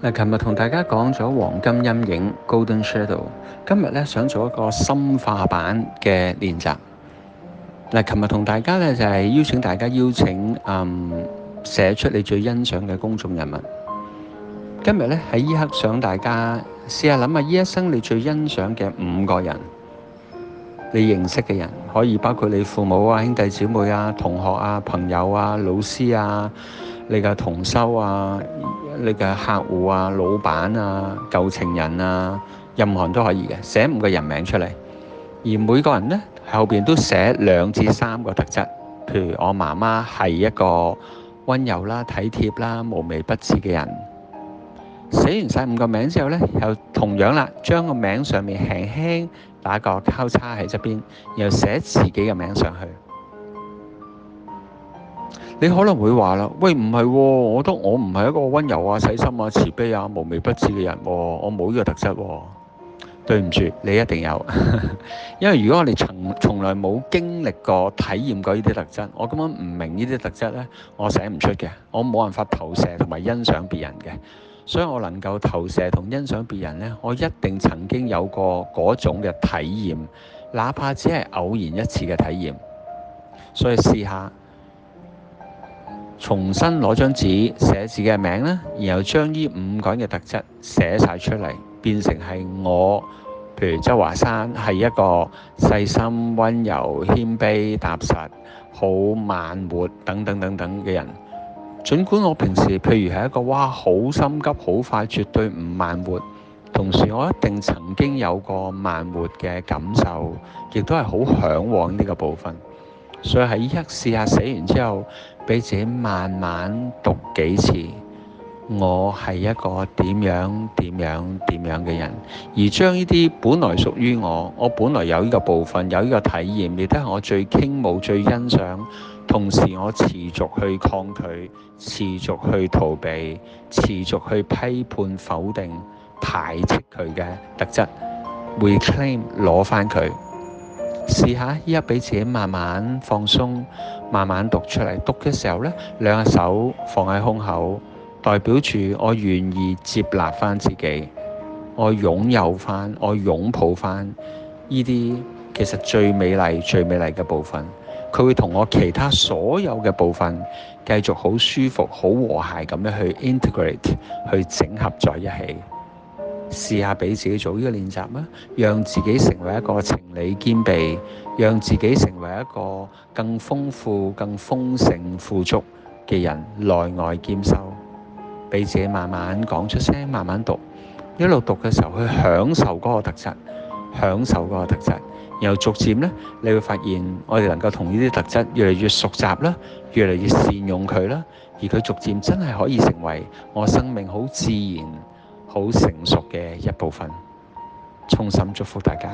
嗱，琴日同大家講咗黃金陰影 （Golden Shadow），今日咧想做一個深化版嘅練習。嗱，琴日同大家咧就係、是、邀請大家邀請，嗯，寫出你最欣賞嘅公眾人物。今日咧喺依刻想大家試下諗下，呢一生你最欣賞嘅五個人，你認識嘅人，可以包括你父母啊、兄弟姊妹啊、同學啊、朋友啊、老師啊。你嘅同修啊，你嘅客戶啊，老闆啊，舊情人啊，任何人都可以嘅，寫五個人名出嚟。而每個人呢，後邊都寫兩至三個特質，譬如我媽媽係一個温柔啦、體貼啦、無微不至嘅人。寫完晒五個名之後呢，又同樣啦，將個名上面輕輕打個交叉喺側邊，又寫自己嘅名上去。你可能會話啦，喂，唔係喎，我覺得我唔係一個温柔啊、細心啊、慈悲啊、無微不至嘅人喎，我冇呢個特質喎，哦。對唔住，你一定有， 因為如果我哋從從來冇經歷過、體驗過呢啲特質，我根本唔明呢啲特質呢，我寫唔出嘅，我冇辦法投射同埋欣賞別人嘅。所以我能夠投射同欣賞別人呢，我一定曾經有過嗰種嘅體驗，哪怕只係偶然一次嘅體驗。所以試下。重新攞張紙寫自己嘅名啦，然後將呢五個人嘅特質寫晒出嚟，變成係我，譬如周華山係一個細心、温柔、謙卑、踏實、好慢活等等等等嘅人。儘管我平時譬如係一個哇好心急、好快，絕對唔慢活，同時我一定曾經有過慢活嘅感受，亦都係好嚮往呢個部分。所以喺依家試下寫完之後，俾自己慢慢讀幾次。我係一個點樣點樣點樣嘅人，而將呢啲本來屬於我，我本來有呢個部分，有呢個體驗，亦都係我最傾慕、最欣賞，同時我持續去抗拒、持續去逃避、持續去批判、否定、排斥佢嘅特質，reclaim 攞翻佢。試下依家俾自己慢慢放鬆，慢慢讀出嚟。讀嘅時候呢，兩隻手放喺胸口，代表住我願意接納翻自己，我擁有翻，我擁抱翻。呢啲其實最美麗、最美麗嘅部分，佢會同我其他所有嘅部分繼續好舒服、好和諧咁樣去 integrate，去整合在一起。試下俾自己做呢個練習啦，讓自己成為一個情理兼備，讓自己成為一個更豐富、更豐盛、富足嘅人，內外兼修。俾自己慢慢講出聲，慢慢讀，一路讀嘅時候去享受嗰個特質，享受嗰個特質，然後逐漸呢，你會發現我哋能夠同呢啲特質越嚟越熟習啦，越嚟越善用佢啦，而佢逐漸真係可以成為我生命好自然，好成熟嘅一部分，衷心祝福大家。